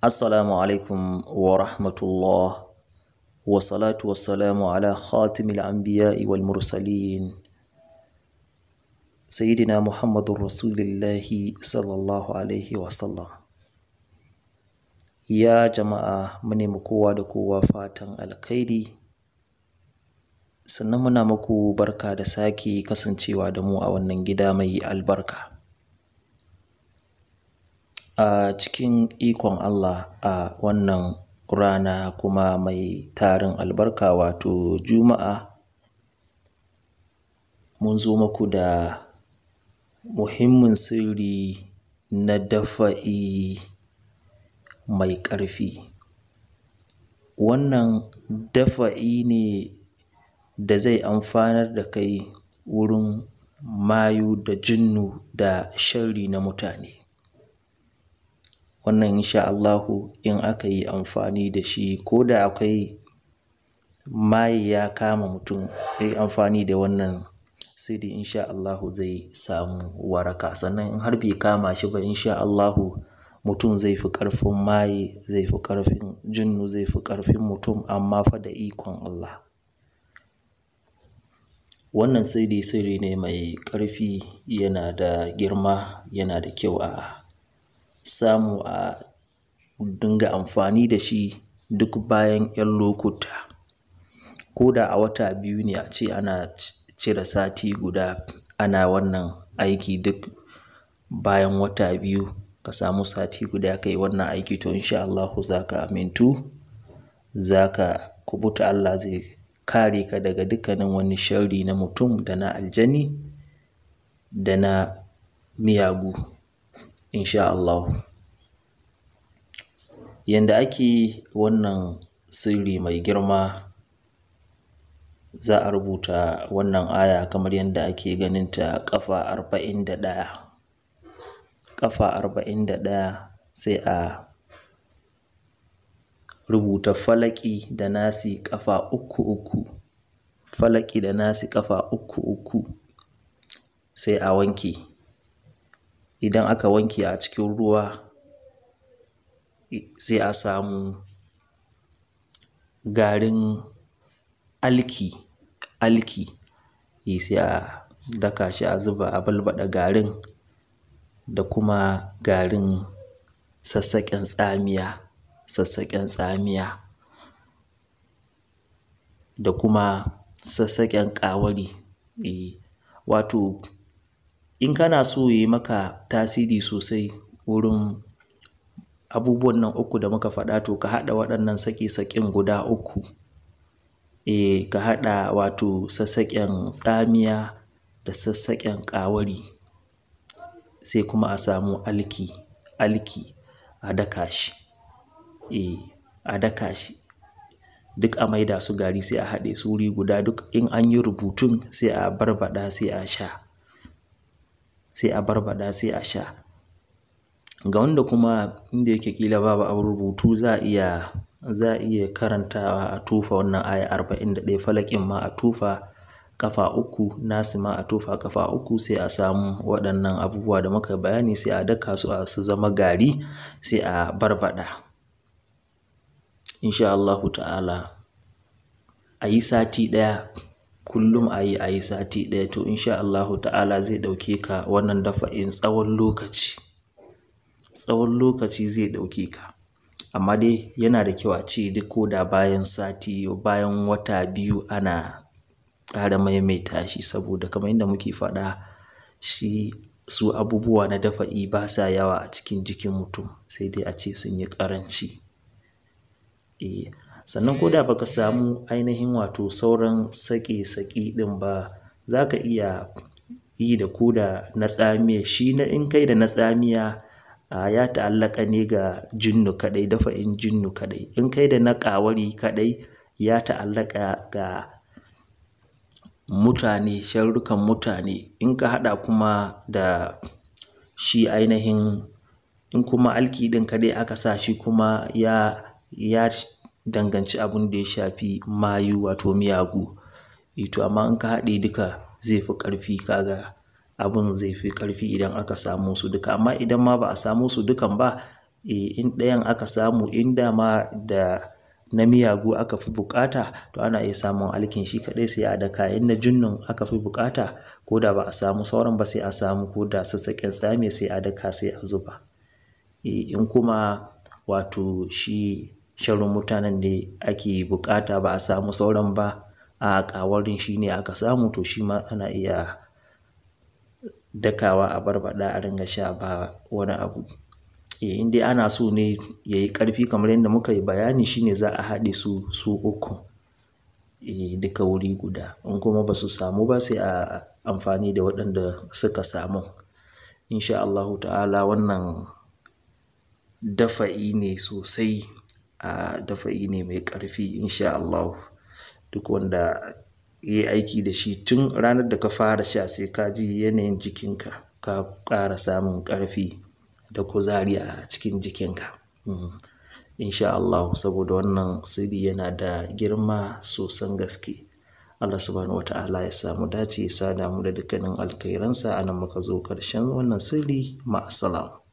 Assalamu alaikum wa rahmatullah wa salatu wa salamu ala khatimil anbiya'i wal mursalin Sayyidina Muhammadun Rasulillahi sallallahu alaihi wa sallam Ya jama'a mu nemi kowa da kowa fatan alkhairi sannan muna muku barka da sake kasancewa da mu a wannan gida mai albarka A cikin ikon Allah a wannan rana kuma mai tarin albarka wato Juma'a mun zo maku da muhimmin sirri na dafa'i mai ƙarfi. Wannan dafa'i ne da zai amfanar da kai wurin mayu da jinnu da shari na mutane. wannan insha Allahu in aka yi amfani da shi ko da akwai maye ya kama mutum Ya yi amfani da wannan sirri insha Allahu zai samu waraka sannan in har bai kama shi ba insha Allahu mutum zai fi ƙarfin maye zai fi ƙarfin jinnu zai fi ƙarfin mutum amma fa da ikon Allah wannan sirri sirri ne mai ƙarfi yana da girma yana da kyau a samu a dinga amfani da shi duk bayan 'yan lokuta. Ko da a wata biyu ne a ce ana cire sati guda ana wannan aiki duk bayan wata biyu ka samu sati guda kai wannan aiki to insha Allahu za ka amintu, za ka kubuta Allah zai kare ka daga dukkanin wani sharri na mutum da na aljani da na miyagu. insha Allah. Yanda ake wannan sirri mai girma za a rubuta wannan aya kamar yadda ake ganinta ƙafa arba'in da ɗaya ƙafa sai a rubuta falaki da nasi ƙafa uku uku falaki da nasi ƙafa uku uku sai a wanke idan aka wanke a cikin ruwa sai a samu garin alki alki sai a daka shi a zuba a balbaɗa garin da kuma garin sassaƙen tsamiya sassaƙen tsamiya da kuma sassaƙen ƙawari eh, wato in kana so ya yi maka tasiri sosai wurin abubuwan nan uku da muka faɗa to ka haɗa waɗannan sake-saken guda uku e ka haɗa wato sassaƙen tsamiya da sassaƙen ƙawari sai kuma a samu alki alki a daka shi e a daka shi duk a maida su gari sai a haɗe su wuri guda duk in an yi rubutun sai a barbaɗa sai a sha sai a barbada sai a sha ga wanda kuma inda yake kila babu a rubutu za a iya za a iya karantawa a tufa wannan aya arba'in da falakin ma a tufa kafa uku nasi ma a tufa kafa uku sai a samu waɗannan abubuwa da muka bayani sai a daka su a su zama gari sai a barbada insha Allahu ta'ala a yi sati ɗaya kullum a yi a yi sati ɗaya to insha Allahu ta'ala zai ɗauke ka wannan dafa'in tsawon lokaci tsawon lokaci zai ɗauke ka amma dai yana da kyau a ce duk ko da bayan sati bayan wata biyu ana ƙara maimaita shi saboda kamar yadda muke faɗa shi su abubuwa na dafa'i ba sa yawa a cikin jikin mutum sai dai a ce sun yi ƙaranci. Eh, sannan ko da baka samu ainihin wato sauran saƙe saƙi ɗin ba za ka iya yi da ko da na tsamiya shi na in kai da na tsamiya a ya ta'allaka ne ga jinnu kaɗai dafa in jinnu kaɗai in kai da na ƙawari kaɗai ya ta'allaka ga mutane sharrukan mutane in ka haɗa kuma da shi ainihin in kuma alki ɗin kaɗai aka sa shi kuma ya ya danganci abin da ya shafi mayu wato miyagu. Ito eh amma in ka haɗe duka zai fi ƙarfi kaga abin zai fi ƙarfi idan aka samu su duka. Amma idan ma ba a samu su dukan ba, eh in ɗayan aka samu in dama da na miyagu aka fi bukata to ana iya samun alkin shi kaɗai sai a daka. In na junnun aka fi bukata ko da ba a samu sauran ba sai a samu ko da sassaƙen tsami sai a daka sai a zuba. E, in kuma wato shi sharrin mutanen da ake bukata ba a samu sauran ba a kawarin shi ne aka samu to shi ma ana iya dakawa a barbada a ringa sha ba wani abu e in dai ana so ne ya yi ƙarfi kamar yadda muka yi bayani shi ne za a haɗe su su uku e duka wuri guda in kuma ba su samu ba sai a amfani da waɗanda suka samu insha Allahu ta'ala wannan dafa'i ne sosai a dafa'i ne mai ƙarfi insha Allah duk wanda ya yi aiki da shi tun ranar da ka fara sha sai ka ji yanayin jikinka ka ƙara samun ƙarfi da kuzari a cikin jikinka mm-hmm. insha Allah saboda wannan sirri yana da girma sosan gaske Allah subhanahu wata'ala ya samu dace ya sada mu da dukkanin alkhairansa nan muka zo karshen wannan sirri ma'asalam